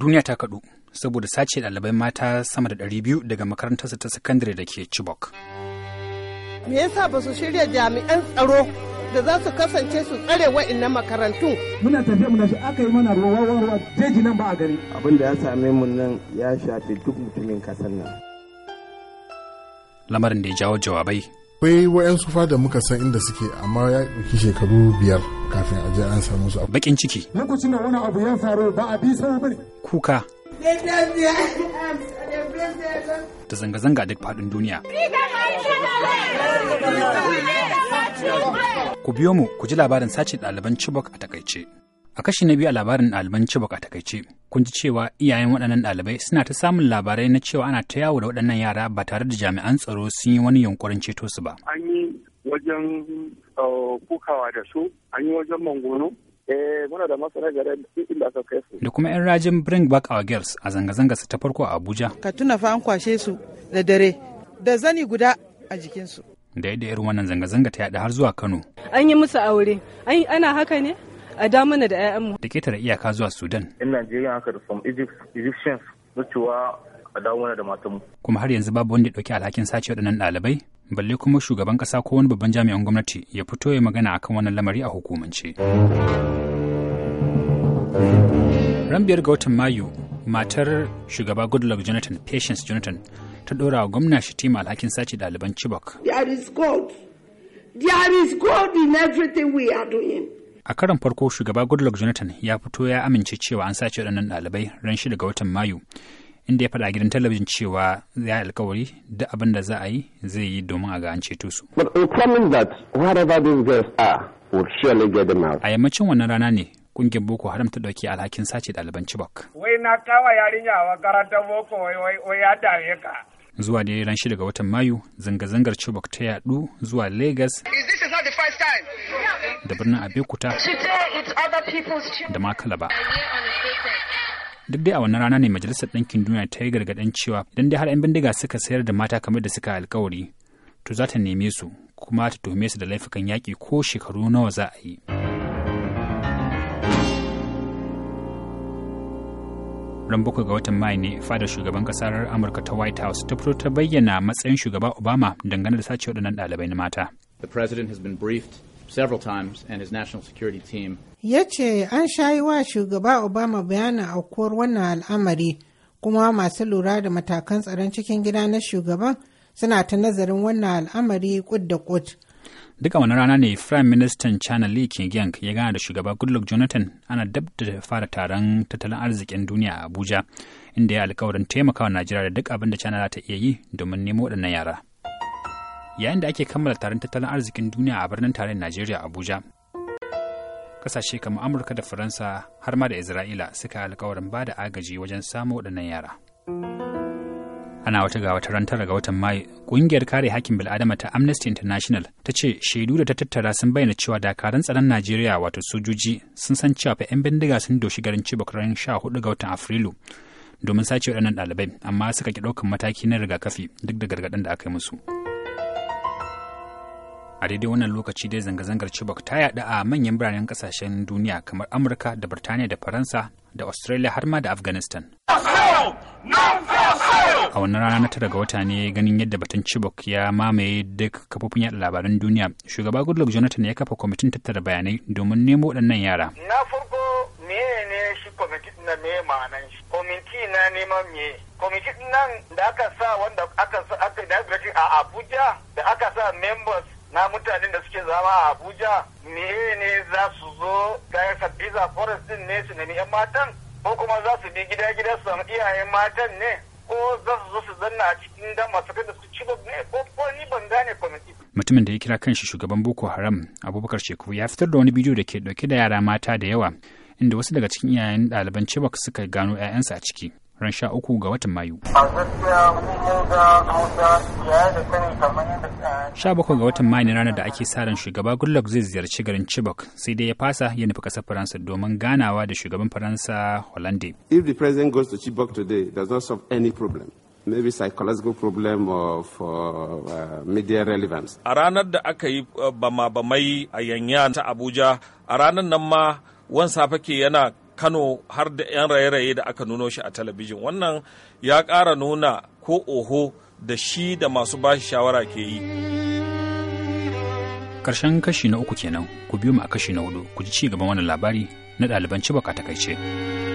duniya ta kaɗu saboda sace ɗalibai mata sama da ɗari biyu daga makarantarsa ta sakandare da ke Chibok. Me yasa ba su shirya jami'an tsaro da za su kasance su tsare wa'annan makarantu? Muna tafiya muna shi aka yi mana ruwa ruwa jeji nan ba a gari. Abin da ya same mu nan ya shafi duk mutumin kasar nan. Lamarin da ya jawo jawabai. Akwai wa'yansu da muka san inda suke amma ya ɗauki shekaru biyar. kafin a je an samu su bakin ciki lokacin da wani abu ya faru ba a bi sau bane kuka da zanga-zanga duk faɗin duniya. Ku biyo mu ku ji labarin sace ɗaliban Chibok a takaice. A kashi na biyu a labarin ɗaliban Chibok a takaice, kun ji cewa iyayen waɗannan ɗalibai suna ta samun labarai na cewa ana ta yawo da waɗannan yara ba tare da jami'an tsaro sun yi wani yunkurin ceto su ba. An yi wajen uh, kukawa da su an yi wajen mangono eh, muna da masana gare inda aka kai su da kuma yan rajin bring back our girls a zanga-zanga su ta farko a abuja ka tuna fa an kwashe su da dare da zani guda a jikinsu da yadda irin wannan zanga-zanga ta yaɗa har zuwa kano an yi musu aure ana haka ne a damuna da 'ya'yanmu da ketare iyaka zuwa sudan in nigeria haka da from egypt egyptians mutuwa a damuna da matanmu kuma har yanzu babu wanda ya ɗauki alhakin sace waɗannan ɗalibai balle kuma shugaban ƙasa ko wani babban jami'an gwamnati ya fito ya magana akan wannan lamari a hukumance. Ran biyar ga watan Mayu, matar shugaba Goodluck Jonathan, Patience Jonathan, ta ɗora wa gwamna Shitima alhakin sace ɗaliban Chibok. There is God. There is God in everything we are doing. A karan farko shugaba Goodluck Jonathan ya fito ya amince cewa an sace waɗannan ɗalibai ran shida ga watan Mayu. inda ya faɗa a gidan talabijin cewa ya yi alkawari da abin da za a yi zai yi domin a ga an ceto su. A yammacin wannan rana ne kungiyar Boko Haram ta ɗauki alhakin sace ɗaliban Chibok. Wai na kawa yarinya a makarantar Boko wai ya dame ka. Zuwa da ran shida ga watan Mayu, zanga-zangar Chibok ta yaɗu zuwa Lagos. Da birnin Abeokuta. Da ma Kalaba. duk dai a wannan rana ne majalisar ɗinkin duniya ta yi gargaɗin cewa idan dai har 'yan bindiga suka sayar da mata kamar da suka alkawari to za ta neme su kuma ta tuhume su da laifukan yaƙi ko shekaru nawa za a yi. ran bakwai ga watan mai ne fadar shugaban kasar amurka ta white house ta fito ta bayyana matsayin shugaba obama dangane da sace waɗannan ɗalibai na mata. the president has been briefed several times and his national security team. Yace an shayi wa shugaba Obama bayanin aukuwar wannan al'amari kuma masu lura da matakan tsaron cikin gida na shugaban suna ta nazarin wannan al'amari kud da kud. Duka wani rana ne Prime Minister China Li Qingyang ya gana da shugaba Goodluck Jonathan ana dab da fara taron tattalin arzikin duniya a Abuja inda ya alkawarin taimakawa Najeriya da duk abin da China za ta iya yi domin nemo waɗannan yara. yayin da ake kammala taron tattalin arzikin duniya a birnin tarayyar Najeriya Abuja. Kasashe kamar Amurka da Faransa har ma da Isra'ila suka yi alkawarin ba da agaji wajen samu waɗannan yara. Ana wata ga wata ran tara ga watan Mayu, ƙungiyar kare hakkin bil'adama ta Amnesty International ta ce shaidu da ta tattara sun bayyana cewa dakarun tsaron Najeriya wato sojoji sun san cewa fa 'yan bindiga sun doshi garin Chibok ran hudu ga watan Afrilu domin sace waɗannan ɗalibai amma suka ki ɗaukan mataki na rigakafi duk da gargaɗin da aka yi musu. a daidai wannan lokaci dai zanga-zangar chibok ta yaɗu a manyan biranen kasashen duniya kamar amurka da birtaniya da faransa da australia har ma da afghanistan a wannan rana na tara ga wata ne ganin yadda batun chibok ya mamaye duk kafofin yaɗa labaran duniya shugaba goodluck jonathan ya kafa kwamitin tattara bayanai domin nemo waɗannan yara na farko menene shi kwamitin na me ma'anan shi kwamiti na neman me kwamitin nan da aka sa wanda aka sa aka da a abuja da aka sa members na mutanen da suke zama a Abuja ne ne za su zo gaya Sabbiza Forest din ne su nemi 'yan matan ko kuma za su bi gida-gida su samu iyayen matan ne ko za su zo su zanna a cikin dan masu da su ci ne ko ko ni ban gane kwamiti. Mutumin da ya kira kanshi shugaban Boko Haram Abubakar Sheku ya fitar da wani bidiyo da ke dauke da yara mata da yawa inda wasu daga cikin iyayen ɗaliban Chibok suka gano 'ya'yansa a ciki. ran sha uku ga watan Mayu. Sha bakwai ga watan Mayu ne ranar da ake sa ran shugaba Goodluck zai ziyarci garin Chibok sai dai ya fasa ya nufi kasar Faransa domin ganawa da shugaban Faransa Hollande. If the president goes to Chibok today, does not solve any problem. maybe psychological problem of uh, uh media relevance. A ranar da aka yi uh, bama-bamai a Yanyan ta Abuja, a ranar nan ma wan safa ke yana kano har da 'yan raye-raye da aka nuno shi a talabijin wannan ya ƙara nuna ko oho da shi da masu bashi shawara ke yi ƙarshen kashi na uku kenan ku biyo mu a kashi na hudu ku ji ci gaban wannan labari na ɗaliban baka takaice.